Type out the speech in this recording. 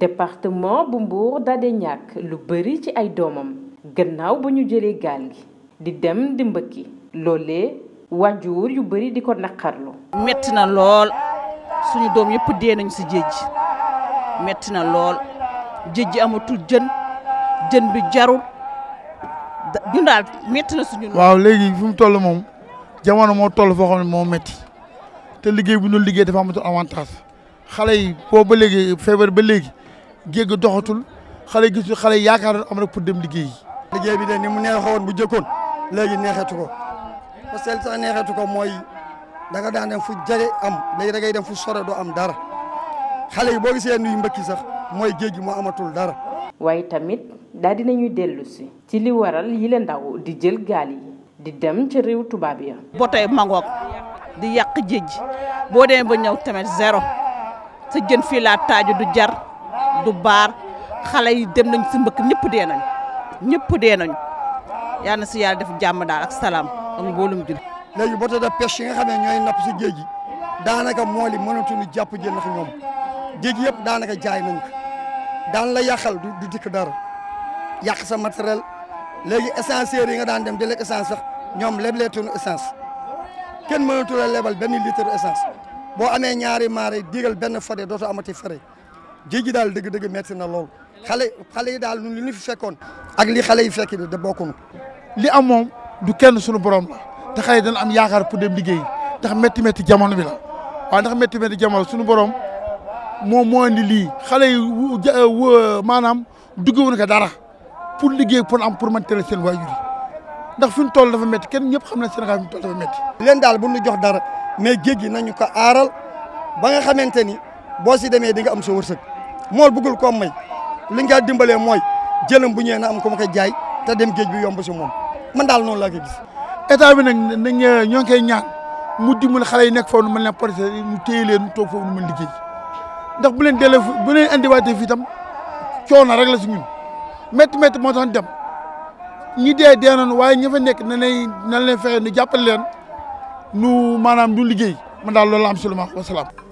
département bu Mbour daldi ñàkk lu bari ci ay doomam gannaaw ba ñu jëlee gaal gi di dem di mbëkki loolee waajur yu bari di ko naqarlu metti na lool suñu doom yëpp dee nañu si géej metti na lool géej gi amatul jën jën bi jarul ñun daal metti na suñu. waaw léegi fi mu moom jamono moo toll foo xam ne moo metti te liggéey bu ñu liggéey dafa amatul avantage xale yi boo ba léegi feebar ba léegi géeg doxatul xale gisul xale yaakaaroon am rek pour dem liggéey yi liggéey bi de ni mu neexoon bu jëkkoon léegi neexetu ko parce que ko mooy da nga daan dem fu jage am léegi da ngay dem fu sore doo am dara xale yi boo gisee nuy mbëkki sax mooy géej gi moo amatul dara waaye tamit daal dinañuy dellu si ci li waral yi la ndaw di jël gaal yi di dem ci réew tubaab ya ba tey mangoog di yàq géej boo demee ba ñëw tamit zéro sa jën fii laa taajo du jar du baar xale yi dem nañ si mbëkk ñëpp dee nañ ñëpp dee nañ yal na si def jàmm daal ak salaam am mboolum jullit. léegi bateau de pêche yi nga xam ne ñooy napp si géej gi daanaka mool yi mënatuñu jàpp jën ndax ñoom géej yëpp daanaka jaay nañ ko daan la yàqal du du dikk dara yàq sa matériel léegi essenciers yi nga daan dem di lekk essence sax ñoom lebleetuñu essence kenn mënatu la lebal benn litre essence boo amee ñaari maare digal benn fare dootoo amati fare géej gi daal dëgg-dëgg metti na lool xale xale yi daal ñun li ñu fi fekkoon ak li xale yi fekki da bokkunu li am moom du kenn sunu borom la te xale yi dana am yaakaar pour dem liggéey ndax métti métti jamono bi la waaw ndax métti métti jamono suñu borom moom moo indi li xale yi euh, maanaam duggewuñu ka dara pour liggéey pour am pour maintenir seen waajur yi ndax fi mu toll dafa metti kenn ñëpp xam na Sénégal fi mu toll dafa métti. leen daal bu jox dara mais géej gi nañu ko aaral ba nga xamante ni. boo si demee di nga am soo wërsëg mool bëggul koom may li nga dimbalee mooy jëlam bu ñëwee na am ko ma koy jaay te dem géej bi yomb si moom man daal noonu laa koy gis. état bi na nañ ñoo ngi koy ñaan mu dimbali xale yi nekk foofu nu mën leen porté mu téye leen mu toog foofu nu mën liggéey ndax bu leen delloo bu leen indiwaatee fii tam coono rek la si ñun métti métti moo tax dem ñi dee dee waaye ña fa nekk na ne na leen fexe nu jàppale leen nu maanaam du liggéey man daal loolu am si lu